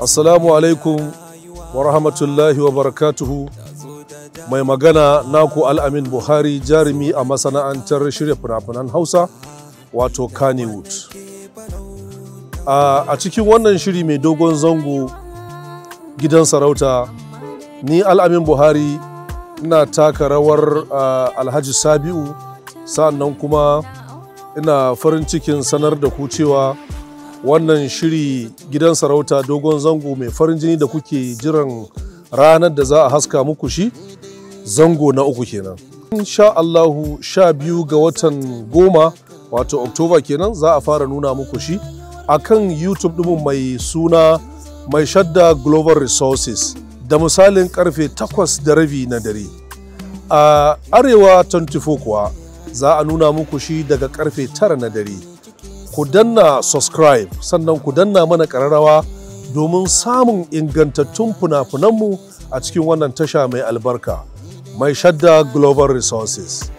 assalamu alaikum wa rahmatullahi wa barakatuhu mai magana naku al'amin buhari jarumi a masana'antar shirya fina-finan hausa wato kannywood a cikin wannan shiri mai dogon zango gidan sarauta ni al'amin buhari ina taka rawar alhaji sabi'u sannan kuma ina farin cikin sanar da ku cewa wannan shiri gidan sarauta dogon zango mai farin jini da kuke jiran ranar da za a haska muku shi zango na uku kenan insha Allahu sha biyu ga watan goma wato oktoba kenan za a fara nuna muku shi akan youtube ɗinmu mai suna mai shadda global resources da misalin karfe takwas da rabi na dare a arewa 24 kuwa za a nuna muku shi daga karfe 9 na dare ku danna subscribe sannan ku danna mana ƙararrawa domin samun ingantattun fina-finanmu a cikin wannan tasha mai albarka mai shadda global resources